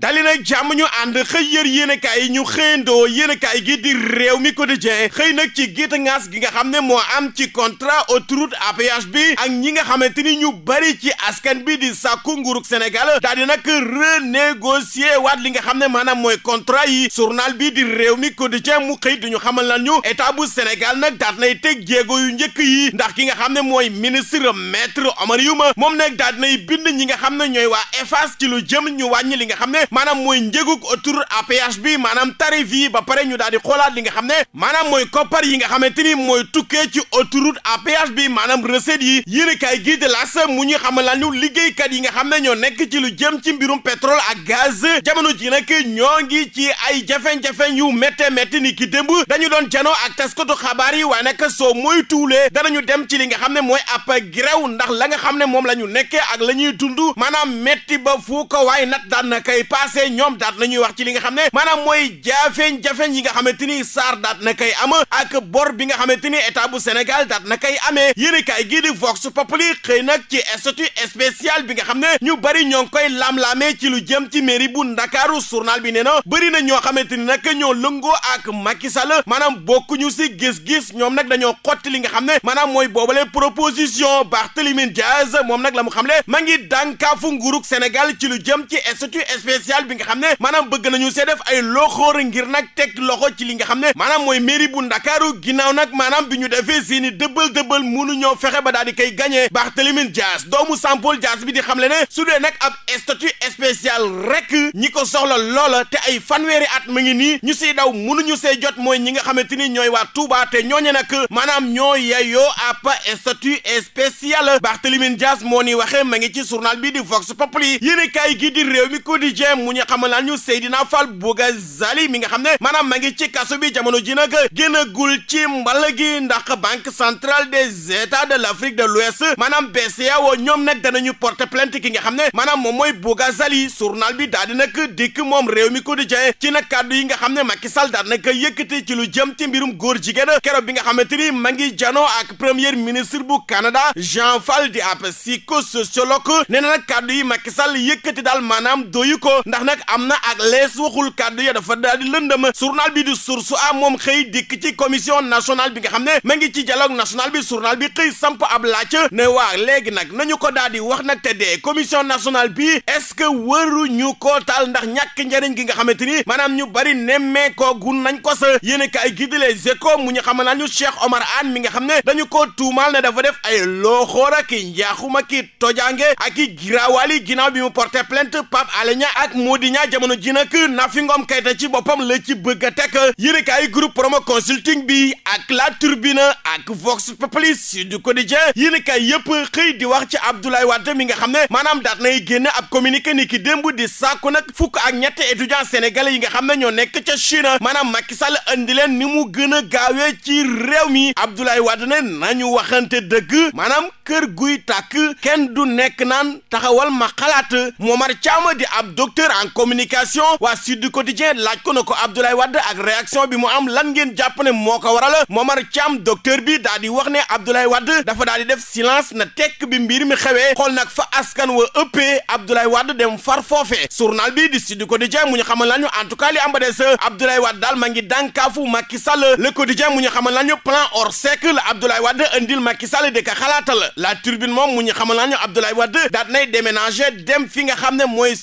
dali nag jàmm ñu ànd xëy yër yéenekaay yi ñu xëyandoo yéenekaay gi di réew mi quotidien xëy nag ci gétt ngaas gi nga xam ne moo am ci contrat autoroute à péage bi ak ñi nga xamante ni ñu bari ci askan bi di sàkku nguurug Sénégal daal di nag renégocier waat li nga xam ne maanaam mooy contrat yi journal bi di réew mi quotidien mu xëy duñu xamal lan ñu état bu Sénégal nag daat nay teg jéego yu njëkk yi ndax ki nga xam ne mooy ministre maître Omar Youm moom nag daal dinay bind ñi nga xam ne ñooy waa EFAS ci jëm ñu wàññi li nga xam ne maanaam mooy njëgu autour à bi maanaam tarif yi ba pare ñu daal di xoolaat li nga xam ne maanaam mooy koppar yi nga xamante ni mooy tukkee ci autoroute à péage bi maanaam recette yi yéen kaay gii de las mu ñu xamal ñu liggéeykat yi nga xam ne ñoo nekk ci lu jëm ci mbirum pétrole ak gaz jamono ji nag ñoo ngi ci ay jafe-jafe yu métte métti ni ki démb dañu doon janoo ak taskatu xabaar yi waaye nag soo mooy tuulee danañu dem ci li nga xam ne mooy ab grève ndax la nga xam ne moom la ñu nekkee ak la ñuy dund maanaam métti ba ko waaye nat daan na kay passé ñoom daat nañuy wax ci li nga xam ne maanaam moy jaafeeñ-jafeeñ yi nga xamante ni saar daat na kay am ak bor bi nga xamante ni état bu Sénégal daat na koy amee yéen kaay gii di Vox Populi xëy nag ci statut spécial bi nga xam ne ñu bëri ñoom ngi koy lam-laamee ci lu jëm ci mairie bu Ndakaaru journal bi nee na bëri na ñoo xamante ni nag ñoo lëngoo ak Macky Sall maanaam bokkuñu si gis-gis ñoom nag dañoo xotti li nga xam ne maanaam mooy boobale proposition Barthélémy Diaz moom nag la mu xam le ma ngi dànkaafu nguurug Sénégal ci lu jëm ci statut spécial bi nga xam ne maanaam bëgg nañu see def ay loxoor ngir nag teg loxo ci li nga xam ne maanaam mooy mairie bu ndakaaru ginnaaw nag maanaam bi ñu defee seeni dëbbal dëbbal munu ñoo fexe ba daal di koy gañee Barthélémy Dias doomu Sampol Dias bi di xam le ne su dee nag ab statut special rek ñi ko soxla lool te ay fanweeri at ma ngi nii ñu siy daw munuñu see jot mooy ñi nga xamante ni ñooy waa Touba te ñooñe nag maanaam ñoo yeyoo ab statut spécial Barthélémy Dias moo ni waxee ma ngi ci journal bi di Vox Populi quotidien mu ñu xamal ñu Seydina Fall mi nga ne maanaam ma ngi ci kaso bi jamono ji nag génnagul ci mbal ndax banque centrale des états de l' Afrique de l'Ouest maanaam BCEAO ñoom nag danañu porter plainte ki nga xam ne maanaam moom mooy Boughazali journal bi daal di nag dikk moom réew mi quotidien ci nag kàddu yi nga xam ne Macky Sall daal nag yëkkati ci lu jëm ci mbirum góor jigéen keroog bi nga xamante ni ma ngi janoo ak premier ministre bu Canada Jean Fall di ab psychosociologue nee na nag kàddu yi Macky Sall yëkkati daal maanaam ndax nag am na ak lees waxul kàddu ya dafa daal di lëndëm journal bi di source a moom xëy dikk ci commission nationale bi nga xam ne ma ngi ci dialogue national bi journal bi xëy samp ab laaj ne waa léegi nag nañu ko daal di wax nag te dee commission nationale bi est-ce que wëru ñu ko tal ndax ñàkk njëriñ gi nga xamante ni maanaam ñu bari nemmee ko gun nañ ko sa yéen kay gi di Les Échos mu ñu xamal ñu Cheikh Omar Anne mi nga xam ne dañu ko tuumaal ne dafa def ay looxoor ak i njaaxuma ki tojange ak i giraawaali ginnaaw bi mu porté plainte Pape ak nag moo di ñaa jamono ji nag Nafi Ngom Keïta ci boppam la ci bëgg a teg yéenekaay groupe promo consulting bi ak La Tribune ak Vox Populi Sud Quotidien yéenekaay yëpp xëy di wax ci Abdoulaye Wade mi nga xam ne maanaam daat nay génne ab communiqué ni ki démb di sàkku nag fukk ak ñetti étudiants sénégalais yi nga xam ne ñoo nekk ca Chine maanaam Macky Sall andi leen ni mu gën a gaawee ci réew mi Abdoulaye Wade ne ñu waxante dëgg maanaam kër guy tàkk kenn du nekk naan taxawal ma xalaat Momar Thiam di ab docteur directeur en communication waa Sud Quotidien laaj ko na ko Abdoulaye Wade ak réaction bi mu am lan ngeen jàpp ne moo ko waral Momar Thiam docteur bi daa di wax ne Abdoulaye Wade dafa daa di def silence na tekk bi mbir mi xewee xool nag fa askan wa ëppee Abdoulaye Wade dem far foofee journal bi di Sud Quotidien mu ñu xamal lañu en tout cas li am ba des Abdoulaye Wade daal ma ngi dànkaafu Macky Sall le quotidien mu ñu xamal lañu plan Orsec la Abdoulaye Wade andil Macky Sall di ko xalaatal la moom mu ñu xamal lañu Abdoulaye Wade daat nay fi nga xam ne mooy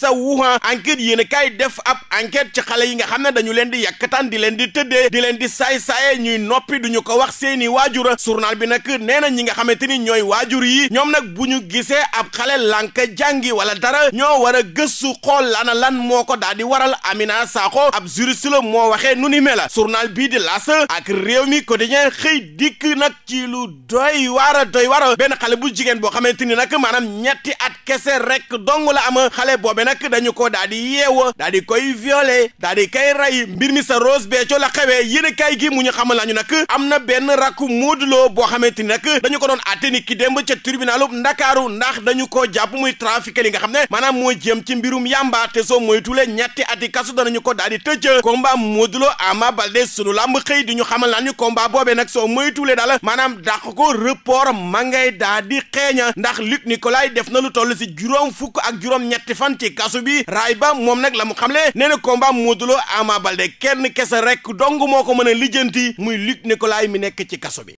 enquête yéen a kaay def ab enquête ci xale yi nga xam ne dañu leen di yàkkataan di di tëddee di leen di saay-saaye ñuy noppi duñu ko wax seeni waajur journal bi nag nee na ñi nga xamante ni ñooy waajur yi ñoom nag bu ñu gisee ab xale lànk jàngi wala dara ñoo war a gëstu xool lana lan moo ko daal di waral Amina Sakho ab juriste la moo waxee nu ni mela journal bii di laas ak réew mi quotidien xëy dikk nag ci lu doy waara doy waara benn xale bu jigéen boo xamante ni nag maanaam ñetti at kese rek dong la am xale boobe nag dañu ko daa di yeewa di koy violé daa di koy rey mbir mi sa Rose Béthio la xewee yéen kay gi mu ñu xamal lañu nag am na benn rakku Modou Lo boo xamante ni nag dañu ko doon àtte ni ki démb ca tribunalu Ndakaaru ndax dañu ko jàpp muy trafiqué li nga xam ne maanaam mooy jëm ci mbirum yàmba te soo moytule ñetti ati kasu danañu ko daal di tëj combat Modou Lo Ama Baldé sunu làmb xëy di ñu xamal lañu combat boobee nag soo moytulee daal maanaam dàq ko report ma ngay daa di xeeña ndax Luc Nicolaï def na lu toll si juróom fukk ak juróom ñetti fan kasu bi ay Ba moom nag la mu xam xamle nee na combat Modou Lo Ama Baldé kenn kese rek dong moo ko mën a lijjanti muy Luc Nicolaï mi nekk ci kaso bi